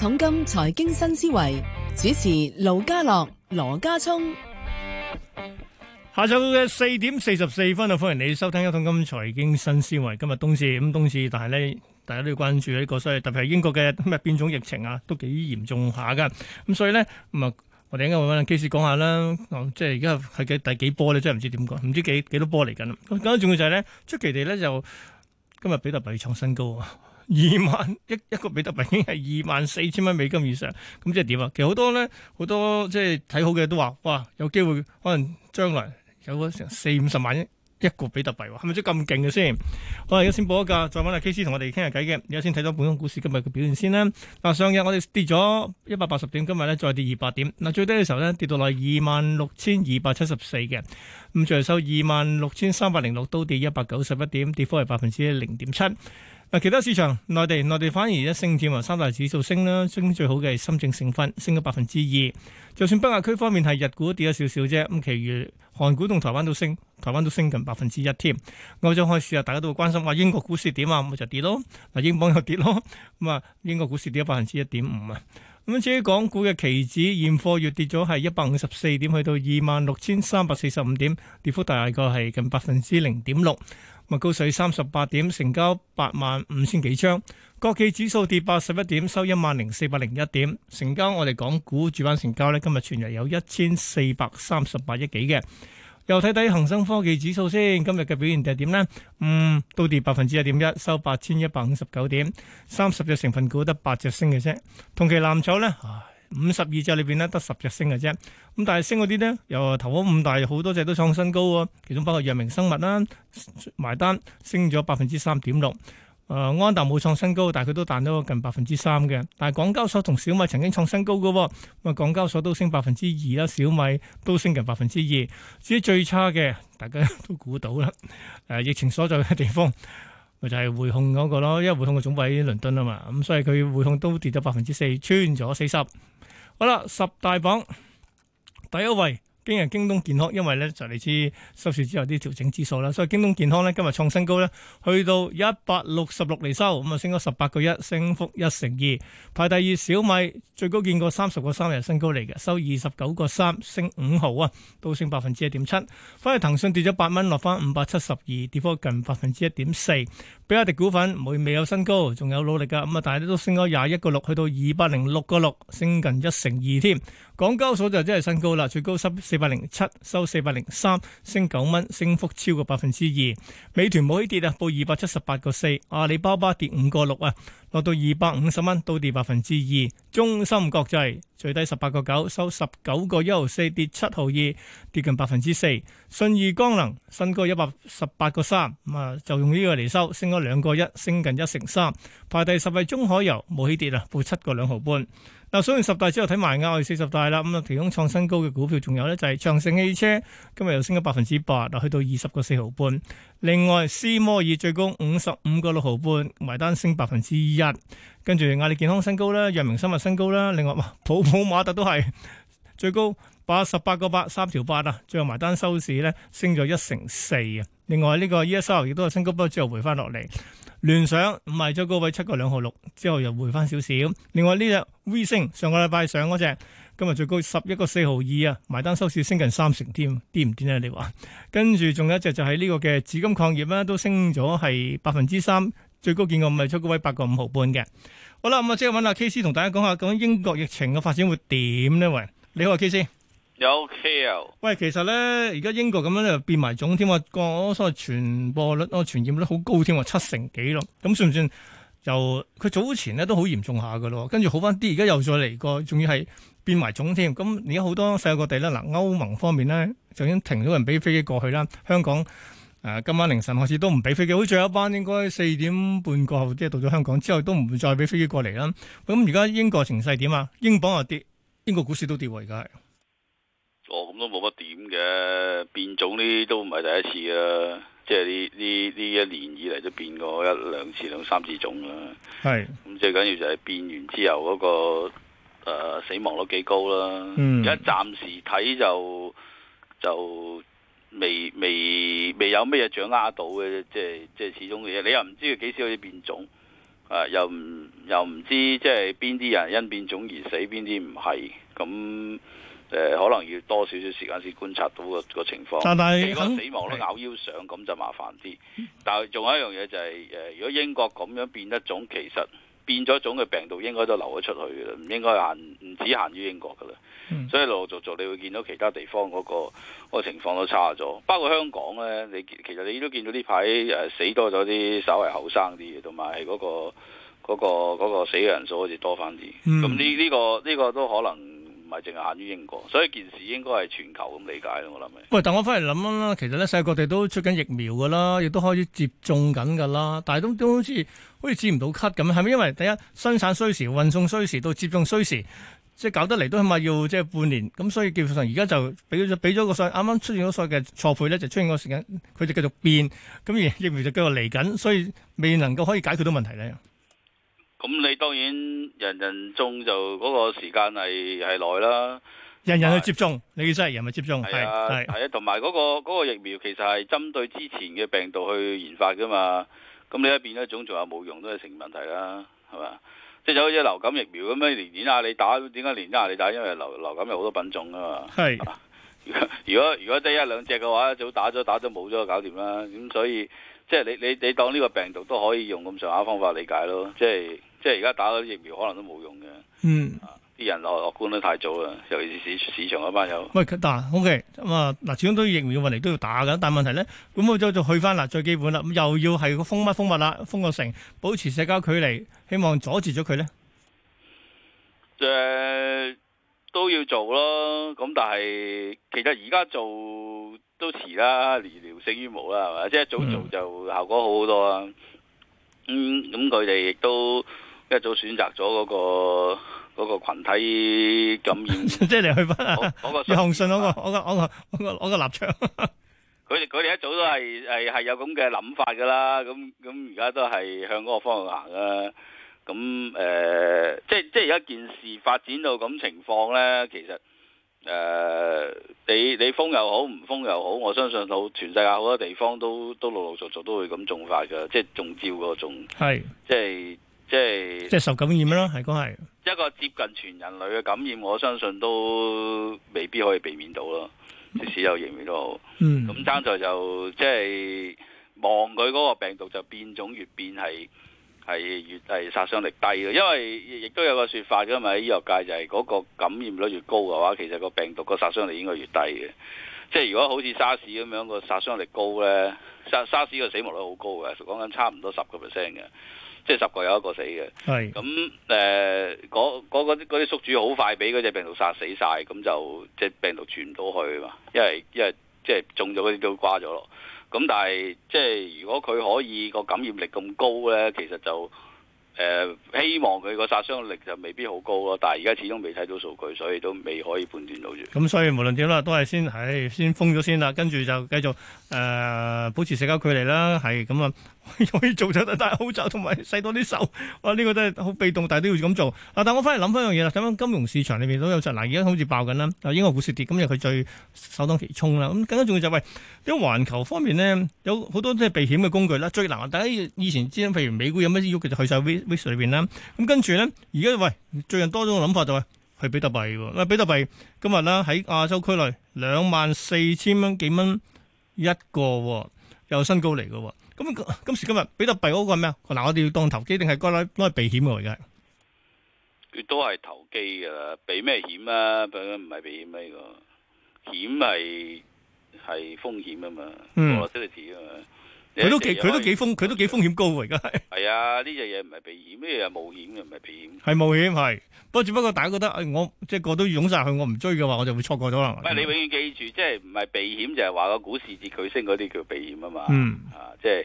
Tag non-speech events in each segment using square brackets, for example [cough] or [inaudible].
統金財經新思維主持盧家樂、羅家聰。下晝嘅四點四十四分啊，歡迎你收聽《統金財經新思維》。今日冬至咁冬至，但係咧，大家都要關注呢個，所以特別係英國嘅今日變種疫情啊，都幾嚴重下噶。咁所以咧，咁啊，我哋應該會開始講下啦。即係而家係幾第幾波咧？真係唔知點講，唔知幾幾多波嚟緊。咁啊，最重要就係咧，出奇地咧，就今日比特幣創新高啊！二萬一一個比特幣已經係二萬四千蚊美金以上，咁即係點啊？其實好多呢，好多咧，好多即係睇好嘅都話哇，有機會可能將來有咗成四五十萬一一個比特幣，係咪即咁勁嘅先？是是 [laughs] 好，我而家先報一價，再搵阿 K 師同我哋傾下偈嘅。而家先睇咗本港股市今日嘅表現先啦。嗱，上日我哋跌咗一百八十點，今日咧再跌二百點。嗱，最低嘅時候咧跌到落二萬六千二百七十四嘅，咁在收二萬六千三百零六，都跌一百九十一點，跌幅係百分之零點七。嗱，其他市場，內地內地反而一升添埋三大指數升啦，升最好嘅係深證成分升咗百分之二。就算北亞區方面係日股跌咗少少啫，咁其餘韓股同台灣都升，台灣都升近百分之一添。歐洲開市啊，大家都會關心話英國股市點啊，咪就跌咯。嗱，英鎊又跌咯，咁啊，英國股市跌咗百分之一點五啊。咁至於港股嘅期指，現貨月跌咗係一百五十四點，去到二萬六千三百四十五點，跌幅大概係近百分之零點六。咁啊，高水三十八點，成交八萬五千幾張。國企指數跌八十一點，收一萬零四百零一點，成交，我哋港股主板成交咧，今日全日有一千四百三十八億幾嘅。又睇睇恒生科技指數先，今日嘅表現就係點咧？嗯，都跌百分之一點一，收八千一百五十九點，三十隻成分股得八隻升嘅啫。同期藍籌咧，五十二隻裏邊咧，得十隻升嘅啫。咁但係升嗰啲咧，又頭都五大，好多隻都創新高喎、哦。其中包括藥明生物啦、啊，埋單升咗百分之三點六。誒安踏冇創新高，但係佢都彈咗近百分之三嘅。但係港交所同小米曾經創新高嘅，咁啊港交所都升百分之二啦，小米都升近百分之二。至於最差嘅，大家都估到啦。誒疫情所在嘅地方，咪就係匯控嗰個咯，因為匯控嘅總部喺倫敦啊嘛，咁所以佢匯控都跌咗百分之四，穿咗四十。好啦，十大榜第一位。今日京東健康，因為咧就嚟自收市之後啲調整指數啦，所以京東健康咧今日創新高咧，去到一百六十六嚟收，咁啊升咗十八個一，升幅一成二，排第二。小米最高見過三十個三日新高嚟嘅，收二十九個三，升五毫啊，都升百分之一點七。返去騰訊跌咗八蚊，落返五百七十二，跌幅近百分之一點四。比亞迪股份每會未有新高，仲有努力㗎，咁啊，但係都升咗廿一個六，去到二百零六個六，升近一成二添。港交所就真係新高啦，最高收四百零七，收四百零三，升九蚊，升幅超過百分之二。美團冇起跌啊，報二百七十八個四。阿里巴巴跌五個六啊，落到二百五十蚊，都跌百分之二。中芯國際最低十八個九，收十九個一毫四，跌七毫二，跌近百分之四。信義光能新高一百十八個三，啊就用呢個嚟收，升咗兩個一，升近一成三。排第十位中海油冇起跌啊，報七個兩毫半。嗱，上完十大之後睇埋壓住四十大啦，咁啊提供創新高嘅股票仲有咧就係長城汽車，今日又升咗百分之八，嗱去到二十個四毫半。另外，斯摩爾最高五十五個六毫半，埋單升百分之一。跟住，壓利健康新高啦，藥明生物新高啦，另外普普馬特都係最高八十八個八，三條八啊，最後埋單收市咧升咗一成四啊。另外呢、這個 E.S. 三號亦都係升高不咗之後回翻落嚟。聯想唔係最高位七個兩毫六，之後又回翻少少。另外呢隻 V 星上個禮拜上嗰隻，今日最高十一個四毫二啊，埋單收市升近三成添，癲唔癲咧？你話？跟住仲有一隻就係呢個嘅紫金礦業啦，都升咗係百分之三，最高見過唔係最高位八個五毫半嘅。好啦，咁啊即係揾阿 KC 同大家講下，講英國疫情嘅發展會點呢喂，你好啊，KC。有 care 喂，其實咧，而家英國咁樣又變埋種添，話個所謂傳播率、個傳染率好高添，話七成幾咯。咁算唔算就佢早前咧都好嚴重下噶咯？跟住好翻啲，而家又再嚟過，仲要係變埋種添。咁而家好多世界各地啦，嗱歐盟方面咧就已經停咗人俾飛機過去啦。香港誒、呃，今晚凌晨開始都唔俾飛機，好似最後一班應該四點半過後即係到咗香港之後都唔會再俾飛機過嚟啦。咁而家英國情勢點啊？英鎊又跌，英國股市都跌喎、啊，而家係。哦，咁都冇乜點嘅變種呢？都唔係第一次啊！即係呢呢呢一年以嚟都變過一兩次、兩三次種啦。係是，咁最緊要就係變完之後嗰、那個誒、呃、死亡率幾高啦。而家暫時睇就就未未未有咩嘢掌握到嘅，即係即係始終嘅嘢。你又唔知佢幾時可以變種啊、呃？又又唔知即係邊啲人因變種而死，邊啲唔係咁。誒、呃，可能要多少少時間先觀察到個個情況。但係如果死亡都咬腰上，咁就麻煩啲。嗯、但係仲有一樣嘢就係、是，誒、呃，如果英國咁樣變得種，其實變咗種嘅病毒，應該都流咗出去嘅啦，唔應該限，唔止限於英國噶啦。嗯、所以陸陸續續你會見到其他地方嗰、那個、那個情況都差咗。包括香港咧，你其實你都見到呢排誒死多咗啲，稍微後生啲，嘅、那個，同埋嗰個、那個、那個死嘅人數好似多翻啲。咁呢呢個呢、這個這個都可能。唔係淨係限於英國，所以件事應該係全球咁理解。我諗。喂，但我翻嚟諗啦，其實呢，世界各地都出緊疫苗噶啦，亦都開始接種緊噶啦，但係都都好似好似止唔到咳咁啊，係咪因為第一生產需時、運送需時、到接種需時，即係搞得嚟都起碼要即係半年。咁所以基本上而家就俾咗俾咗個賽，啱啱出現咗賽嘅錯配呢，就出現個時間，佢就繼續變。咁而疫苗就繼續嚟緊，所以未能夠可以解決到問題呢。咁你當然人人種就嗰個時間係係耐啦，人人去接種，是你意思係人去接種？係啊，係是是啊，同埋嗰個疫苗其實係針對之前嘅病毒去研發噶嘛。咁你一邊一種仲有冇用都係成問題啦，係嘛？即係就好似流感疫苗咁樣年年啊，你打點解年年啊你打？因為流流感有好多品種啊嘛。係是。 [laughs] 如果如果得一兩隻嘅話，早打咗打咗冇咗搞掂啦。咁所以即係、就是、你你你當呢個病毒都可以用咁上下方法理解咯，即、就、係、是。即係而家打咗疫苗可能都冇用嘅，嗯，啲、啊、人樂樂觀得太早啦，尤其是市市場嗰班友。喂，嗱，O K，咁啊，嗱、OK，啊，始終都疫苗嘅問題都要打嘅，但係問題咧，咁我就做去翻嗱最基本啦，又要係封乜封物啦、啊，封個城，保持社交距離，希望阻截咗佢咧。誒、呃，都要做咯，咁但係其實而家做都遲啦，聊勝於無啦，係嘛？即係早做，做就效果好好多啦。嗯，咁佢哋亦都。一早選擇咗嗰個嗰個群體感染，即係你去翻。我個信我個我個我個我個我個立場。佢哋佢哋一早都係係係有咁嘅諗法㗎啦。咁咁而家都係向嗰個方向行啦。咁誒，即係即係而家件事發展到咁情況咧，其實誒，你你封又好，唔封又好，我相信到全世界好多地方都都陸陸續續都會咁種法㗎，即係種招個種，係即係。即係即係受感染咯，係講係一個接近全人類嘅感染，我相信都未必可以避免到咯、嗯。即使有疫苗，都好，嗯，咁爭在就即係望佢嗰個病毒就變種越變係係越係殺傷力低嘅，因為亦都有個説法因為，喺醫藥界就係嗰個感染率越高嘅話，其實個病毒個殺傷力應該越低嘅。即係如果好似沙士咁樣，個殺傷力高咧，沙士個死亡率好高嘅，講緊差唔多十個 percent 嘅。即係十個有一個死嘅，係咁誒，嗰啲、嗯呃、宿主好快俾嗰隻病毒殺死晒，咁、嗯、就即係病毒傳唔到去啊嘛，因為因為，因為即係中咗嗰啲都瓜咗咯。咁、嗯、但係即係如果佢可以、個感染力咁高咧，其實就誒、呃、希望佢個殺傷力就未必好高咯。但係而家始終未睇到數據，所以都未可以判斷到住。咁、嗯、所以無論點啦，都係先係先封咗先啦，跟住就繼續誒、呃、保持社交距離啦，係咁啊。嗯 [laughs] 可以做就得，但係戴口罩同埋洗多啲手，哇！呢、這個都係好被動，但係都要咁做。嗱、啊，但我翻嚟諗翻樣嘢啦，睇返金融市場裏面都有實。嗱，而家好似爆緊啦，英國股市跌，今日佢最首當其衝啦。咁更加重要就係喂，因為環球方面呢，有好多啲避險嘅工具啦。最難，大家以前知，譬如美股有咩要喐，就去晒 Wee w i 裏邊啦。咁跟住呢，而家喂，最近多咗個諗法就係、是、去比特幣。喂，比特幣今日啦喺亞洲區內兩萬四千蚊幾蚊一個，又新高嚟嘅。咁今時今日比特幣嗰個係咩啊？嗱，我哋要當投機定係嗰啲都係避險嘅嚟嘅，而家佢都係投機嘅啦。避咩險啊？佢唔係避險咩？個險係係風險啊嘛，volatility 啊嘛。佢都幾佢都幾風佢都幾風險高，噶而家係係啊，呢隻嘢唔係避險咩？嘢冒險嘅，唔係避險係冒險係，不過只不過大家覺得誒、哎、我即係個都湧晒去，我唔追嘅話我就會錯過咗啦，唔係。你永遠記住，即係唔係避險就係話個股市跌佢升嗰啲叫避險，mm. 啊嘛，嗯啊，即係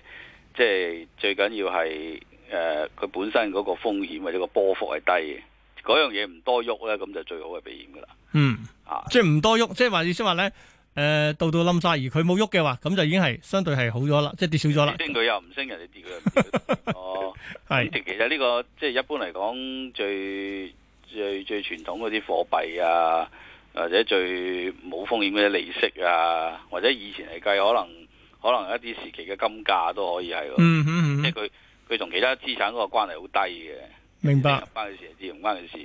即係最緊要係誒佢本身嗰個風險或者個波幅係低嘅，嗰樣嘢唔多喐咧，咁就最好嘅避險噶啦。嗯啊，即係唔多喐即係話意思話咧。誒，到到冧晒，而佢冇喐嘅話，咁就已經係相對係好咗啦，即係跌少咗啦。升佢又唔升，人哋跌佢又唔跌。 [laughs] 哦，係是。其實呢、這個即係、就是、一般嚟講，最最最傳統嗰啲貨幣啊，或者最冇風險嗰啲利息啊，或者以前嚟計可能可能一啲時期嘅金價都可以係。嗯，哼嗯哼即係佢佢同其他資產嗰個關係好低嘅。明白。唔關佢事，自然唔關佢事。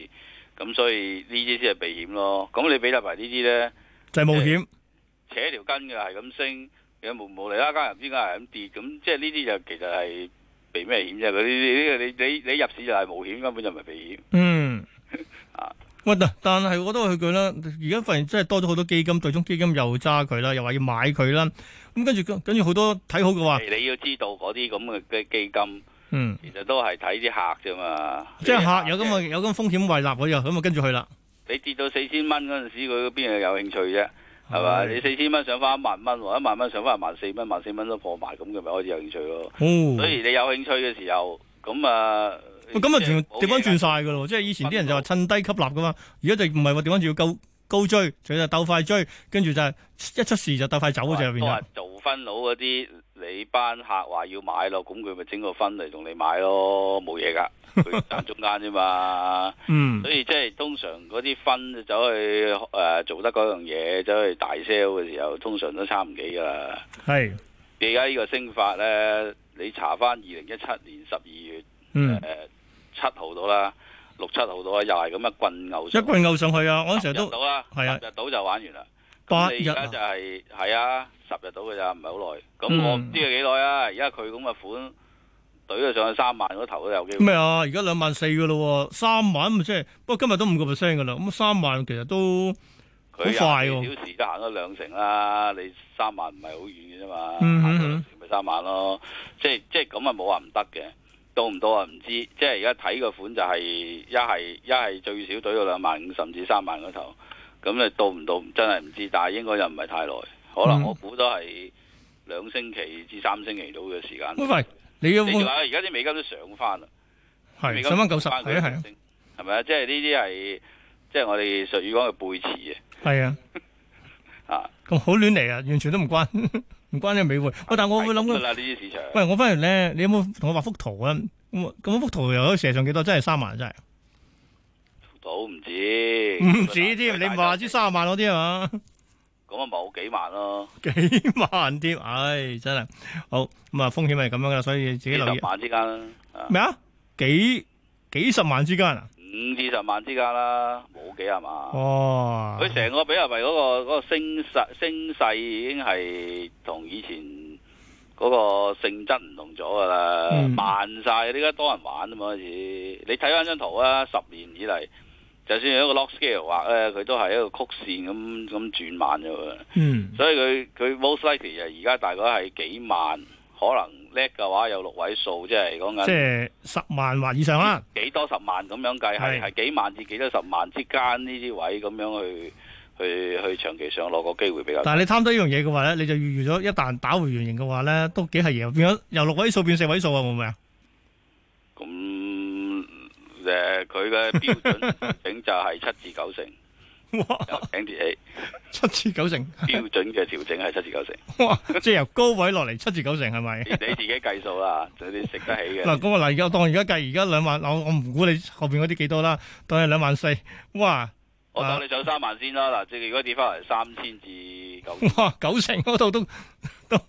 咁所以呢啲先係避險咯。咁你比搭埋呢啲咧，就係冒險。嗯扯條筋嘅係咁升，有無無厘啦，今日唔知解係咁跌，咁即係呢啲就其實係避咩險啫？嗰啲呢？你你你入市就係冒險，根本就唔係避險。嗯，啊，喂嗱，但係我都去佢啦。而家發現真係多咗好多基金，對沖基金又揸佢啦，又話要買佢啦。咁跟住跟住好多睇好嘅話，你要知道嗰啲咁嘅嘅基金，嗯，其實都係睇啲客啫嘛。即係客有咁嘅有咁風險為納，我又咁啊跟住去啦。你跌到四千蚊嗰陣時，佢邊有有興趣啫？係嘛？你四千蚊上翻一萬蚊，一萬蚊上翻萬四蚊，萬四蚊都破埋咁，佢咪開始有興趣咯。哦、所以你有興趣嘅時候，咁啊，咁啊、嗯，就係、全掉翻轉晒噶咯。Okay, 即係以前啲人就話趁低吸納噶嘛，而家就唔係話掉翻轉要高高追，就係、是、鬥快追，跟住就係一出事就鬥快走嗰隻入邊分佬嗰啲，你班客話要買咯，咁佢咪整個分嚟同你買咯，冇嘢噶，佢賺中間啫嘛。嗯， [laughs] 所以即係通常嗰啲分走去誒做得嗰樣嘢，走去大 sale 嘅時候，通常都差唔幾噶啦。係而家呢個升法咧，你查翻二零一七年十二月誒七號到啦，六七號到啦，又係咁樣棍牛，一棍牛上去啊！我嗰時候都係啊，入到就玩完啦。一 而家就係、是、係啊，啊，十日到嘅咋，唔係好耐。咁、嗯、我唔知佢幾耐啊。而家佢咁嘅款，攤到上去三萬嗰頭都有機會。咩啊？而家兩萬四嘅咯，三萬咪即係。不過今日都五個 percent 嘅啦。咁三萬其實都好快喎、啊。幾小時都行咗兩成啦。你三萬唔係好遠嘅啫嘛，嗯、哼哼行到兩成咪三萬咯。即係即係咁啊，冇話唔得嘅。多唔多啊？唔知。即係而家睇個款就係一係一係最少攤到兩萬五，甚至三萬嗰頭。咁咧到唔到真係唔知，但係應該又唔係太耐，可能我估都係兩星期至三星期到嘅時間。喂喂，你要？而家啲美金都上翻啦，係上翻九十萬，係啊係啊，係咪啊？即係呢啲係，即係我哋術語講嘅背馳啊。係啊，啊，咁好亂嚟啊，完全都唔關唔關呢個美匯。喂，但係我會諗啦，呢啲市場。喂，我發現咧，你有冇同我畫幅圖啊？咁咁幅圖又射上幾多？真係三萬真係。冇唔止，唔 [noise] 止添，你話知卅萬嗰啲係嘛？咁啊冇幾萬咯，幾萬添，唉、哎、真係好咁啊！風險係咁樣噶，所以自己留意。十萬之間，咩啊？幾幾十萬之間啊？五至十萬之間啦，冇幾十萬？哦哇，佢成個比特咪嗰個、那個升勢升勢已經係同以前嗰個性質唔同咗噶啦，嗯、慢晒，而家多人玩啊嘛，好似你睇翻張圖啊，十年以嚟。就算一個 log scale 畫咧，佢都係一個曲線咁咁轉慢咗，嗯，所以佢佢 most likely 啊，而家大概係幾萬，可能叻嘅話有六位數，就是、即係講緊。即係十萬或以上啦。幾多十萬咁樣計？係係幾萬至幾多十萬之間呢啲位咁樣去去去長期上落個機會比較。但係你貪多呢樣嘢嘅話咧，你就預咗一旦打回原形嘅話咧，都幾係嘢，變咗由六位數變四位數啊，冇咩啊？咁、嗯。誒，佢嘅標準整就係七至九成，頂得哇起。七至九成標準嘅調整係七至九成，即係由高位落嚟七至九成係咪？你自己計數啦，就啲食得起嘅。嗱，咁啊，嗱，我當而家計，而家兩萬，我唔估你後邊嗰啲幾多啦，當係兩萬四。哇！我等你上三萬先啦，嗱，即係如果跌翻嚟三千至九，哇，九成嗰度都都。都都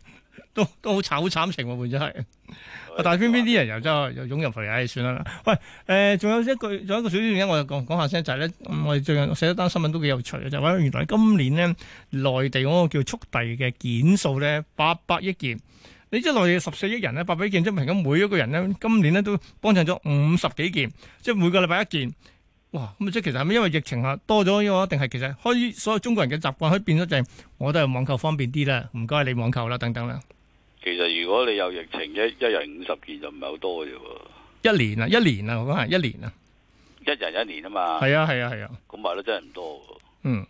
都好慘，好慘情喎、啊，真係。 [laughs] 但係偏偏啲人又真係又湧入嚟，唉、哎，算啦。喂，誒、呃，仲有一句，仲有一個小原因、就是嗯嗯，我就講講下先就係咧。我哋最近寫咗單新聞都幾有趣嘅，就係、是、原來今年呢，內地嗰個叫速遞嘅件數咧，八百億件。你知內地十四億人呢，八百億件，即係平均每一個人呢，今年呢都幫襯咗五十幾件，即、就、係、是、每個禮拜一件。哇！咁即係其實係咪因為疫情下多咗，定係其實開所有中國人嘅習慣，可以變咗就係，我都係網購方便啲啦，唔該你網購啦，等等啦。其實如果你有疫情，一一人五十件就唔係好多嘅啫、啊。一年啊，一年啊，我講係一年啊，一人一年啊嘛。係啊，係啊，係啊。咁買得真係唔多。嗯，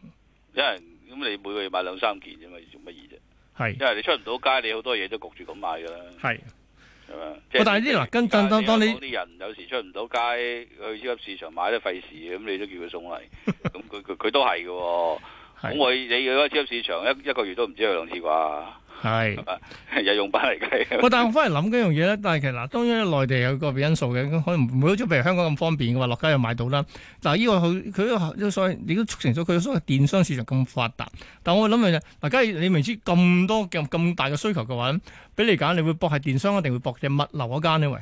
一人咁你每個月買兩三件啫嘛，做乜嘢啫？係，因為你出唔到街，你好多嘢都焗住咁買噶啦。係，係嘛。即係但係啲嗱，跟陣當當，你啲人有時出唔到街，去超級市場買都費事，咁你都叫佢送嚟，咁佢佢佢都係㗎。咁我你要去超級市場一一個月都唔知有兩次啩？係有是 [laughs] 用品嚟嘅，我 [laughs] 但我翻嚟諗緊一樣嘢咧。但係其實嗱，當然內地有個別因素嘅，可能唔會好似譬如香港咁方便嘅話，落街又買到啦。嗱、這個，呢個佢佢所你都促成咗佢所謂電商市場咁發達。但我諗嘅就嗱，假如你明知咁多咁咁大嘅需求嘅話，俾你揀，你會博係電商，一定會博隻物流嗰間呢？位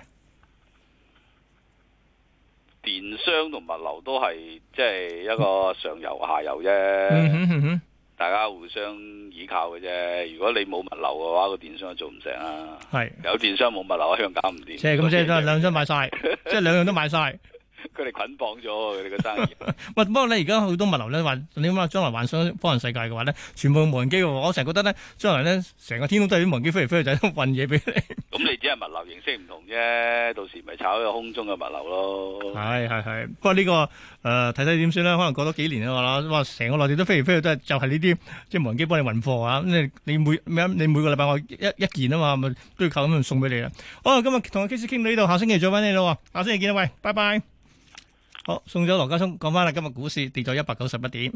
電商同物流都係即係一個上游下游啫。嗯哼嗯哼大家互相依靠嘅啫，如果你冇物流嘅話，個電商就做唔成啦。係是，有電商冇物流一樣搞唔掂。即係咁，即係兩兩樣賣晒，即係兩樣都賣晒。佢哋捆綁咗佢哋個生意。唔 [laughs] 不過咧，而家好多物流咧話，你諗下將來幻想科幻世界嘅話咧，全部用無人機嘅喎。我成日覺得咧，將來咧成個天空都係啲無人機飛嚟飛去，就係、是、運嘢俾你。咁 [laughs] 嗯、你只係物流形式唔同啫，到時咪炒個空中嘅物流咯。係係係。不過、這個呃、看看呢個誒睇睇點算啦，可能過多幾年啊，哇！成個內地都飛嚟飛去都係就係呢啲即係無人機幫你運貨啊。你，你每你每個禮拜我一一,一件啊嘛，咪都要靠咁樣送俾你啦。好，今日同阿 K 先生傾到呢度，下星期再翻嚟咯。下星期見，喂，拜拜。好，送咗羅家聰，講返啦，今日股市跌咗一百九十一點。